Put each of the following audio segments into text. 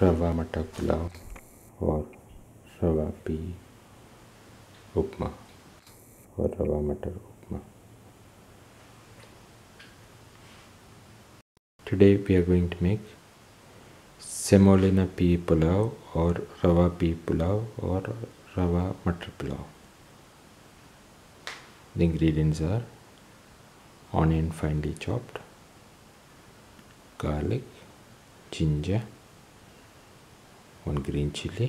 रवा मटा पुलाव और रवा पी उपमा और rava matar upma today we are going to make semolina peas pulao और रवा पी पुलाव और rava matar pulao the ingredients are onion finally chopped garlic ginger one green chili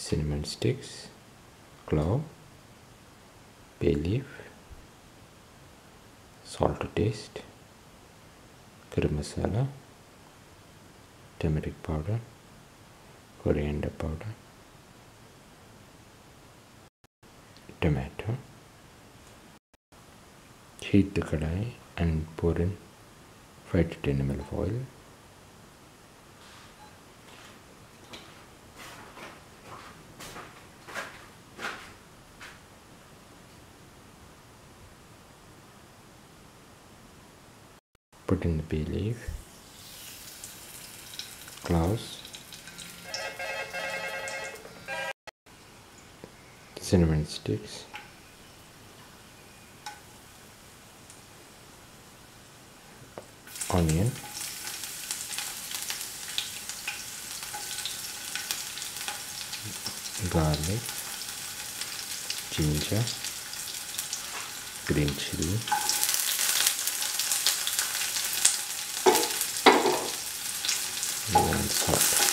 cinnamon sticks clove bay leaf salt to taste garam masala turmeric powder coriander powder tomato heat the kadai and pour in 5 to 10 ml of oil put in the B leaf close cinnamon sticks onion garlic ginger green chili Hope.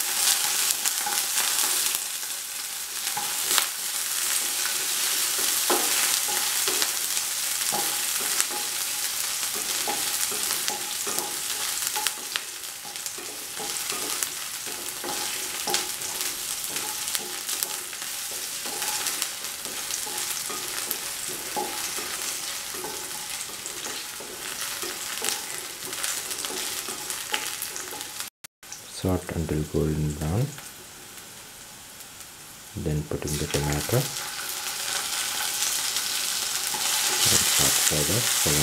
salt until golden brown then put in the tomato and salt further for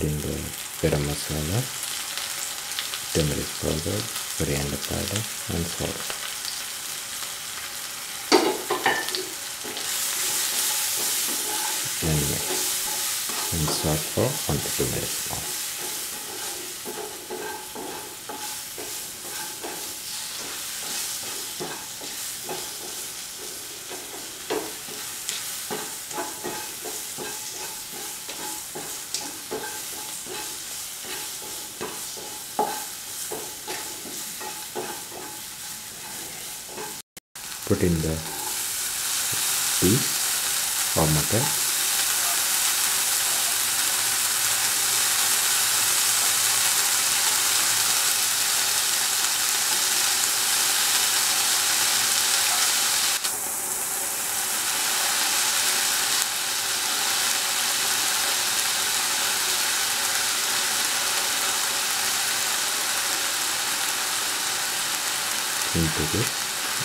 1 to 2 minutes put in the garam masala turmeric powder, coriander powder and salt. Then mix and serve for 1 to 2 minutes more. put in the peas or mutton into this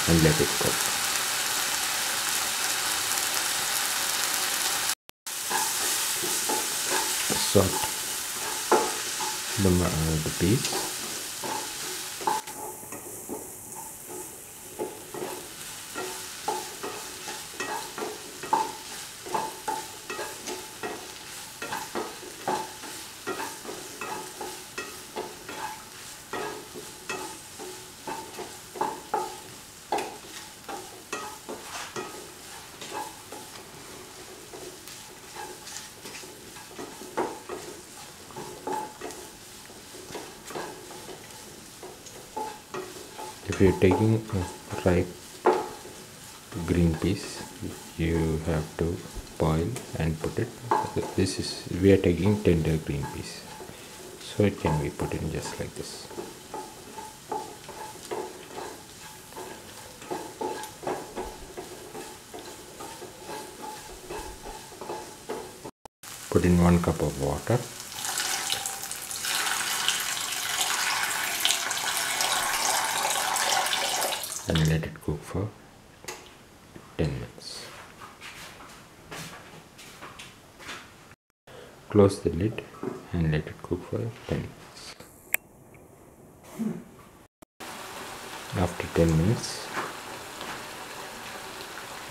and let it cook. Salt the, uh, the paste if you're taking a ripe green peas you have to boil and put it this is we are taking tender green peas so it can be put in just like this put in one cup of water and let it cook for 10 minutes. Close the lid and let it cook for 10 minutes. After 10 minutes,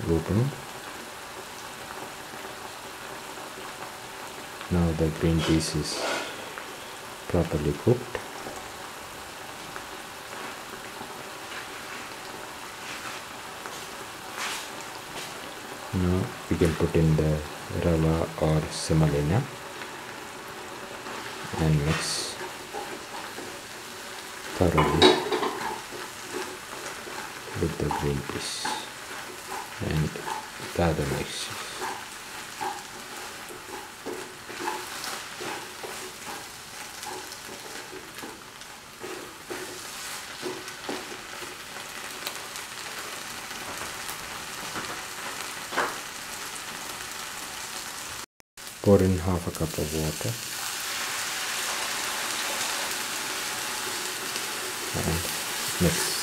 open. Now the green peas is properly cooked. now we can put in the rava or semolina and mix thoroughly with the green peas and the other mixture pour in half a cup of water and mix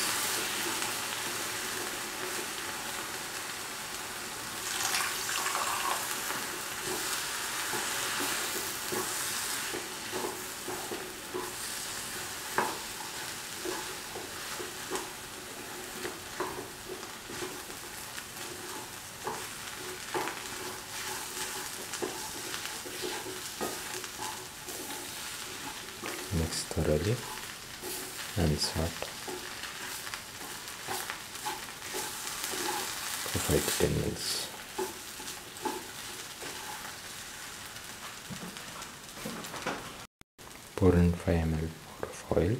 mix thoroughly and sort for 5 to 10 minutes. Pour in 5 ml of oil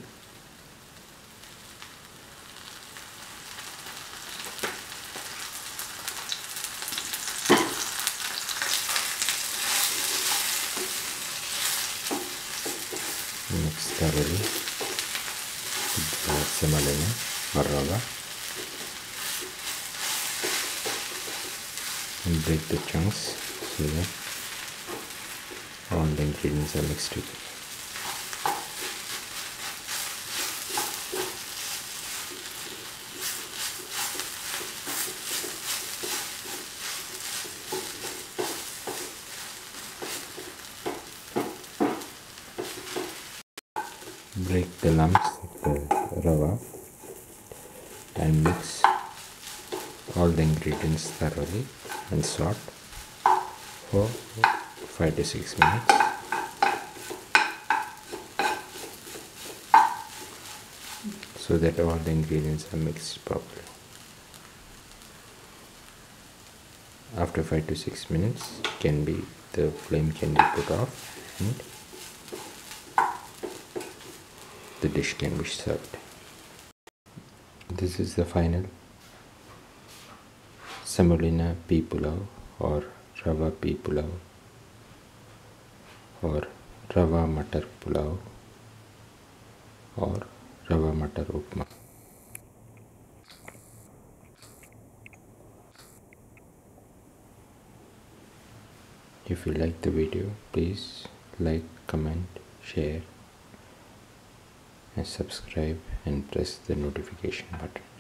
mix thoroughly the semolina or and break the chunks so that all the ingredients are mixed together. break the lumps of the rava and mix all the ingredients thoroughly and sort for 5 to 6 minutes. so that all the ingredients are mixed properly. After 5 to 6 minutes can be the flame can be put off and the dish can be served. This is the final semolina pea pulao or rava pea pulao or rava matar pulao or rava matar upma. If you like the video, please like, comment, share and subscribe and press the notification button